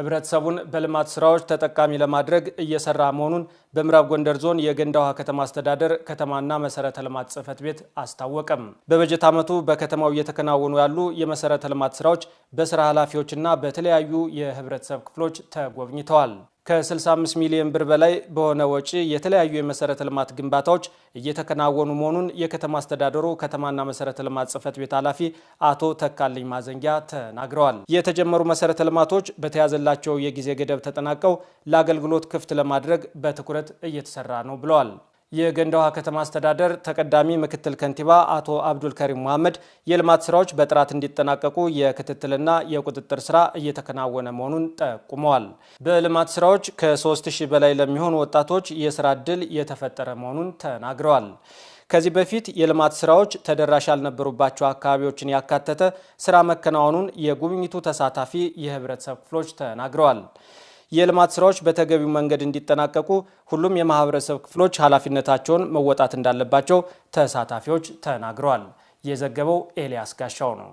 ህብረተሰቡን በልማት ስራዎች ተጠቃሚ ለማድረግ እየሰራ መሆኑን በምዕራብ ጎንደር ዞን የገንዳ ውሃ ከተማ አስተዳደር ከተማና መሰረተ ልማት ጽህፈት ቤት አስታወቀም። በበጀት ዓመቱ በከተማው እየተከናወኑ ያሉ የመሰረተ ልማት ስራዎች በስራ ኃላፊዎችና በተለያዩ የህብረተሰብ ክፍሎች ተጎብኝተዋል። ከ65 ሚሊዮን ብር በላይ በሆነ ወጪ የተለያዩ የመሰረተ ልማት ግንባታዎች እየተከናወኑ መሆኑን የከተማ አስተዳደሩ ከተማና መሰረተ ልማት ጽህፈት ቤት ኃላፊ አቶ ተካልኝ ማዘንጊያ ተናግረዋል። የተጀመሩ መሰረተ ልማቶች በተያዘላቸው የጊዜ ገደብ ተጠናቀው ለአገልግሎት ክፍት ለማድረግ በትኩረት እየተሰራ ነው ብለዋል። የገንደ ውሃ ከተማ አስተዳደር ተቀዳሚ ምክትል ከንቲባ አቶ አብዱል ከሪም መሐመድ የልማት ስራዎች በጥራት እንዲጠናቀቁ የክትትልና የቁጥጥር ስራ እየተከናወነ መሆኑን ጠቁመዋል። በልማት ስራዎች ከ3000 በላይ ለሚሆኑ ወጣቶች የስራ እድል የተፈጠረ መሆኑን ተናግረዋል። ከዚህ በፊት የልማት ስራዎች ተደራሽ ያልነበሩባቸው አካባቢዎችን ያካተተ ስራ መከናወኑን የጉብኝቱ ተሳታፊ የህብረተሰብ ክፍሎች ተናግረዋል። የልማት ስራዎች በተገቢው መንገድ እንዲጠናቀቁ ሁሉም የማህበረሰብ ክፍሎች ኃላፊነታቸውን መወጣት እንዳለባቸው ተሳታፊዎች ተናግረዋል። የዘገበው ኤልያስ ጋሻው ነው።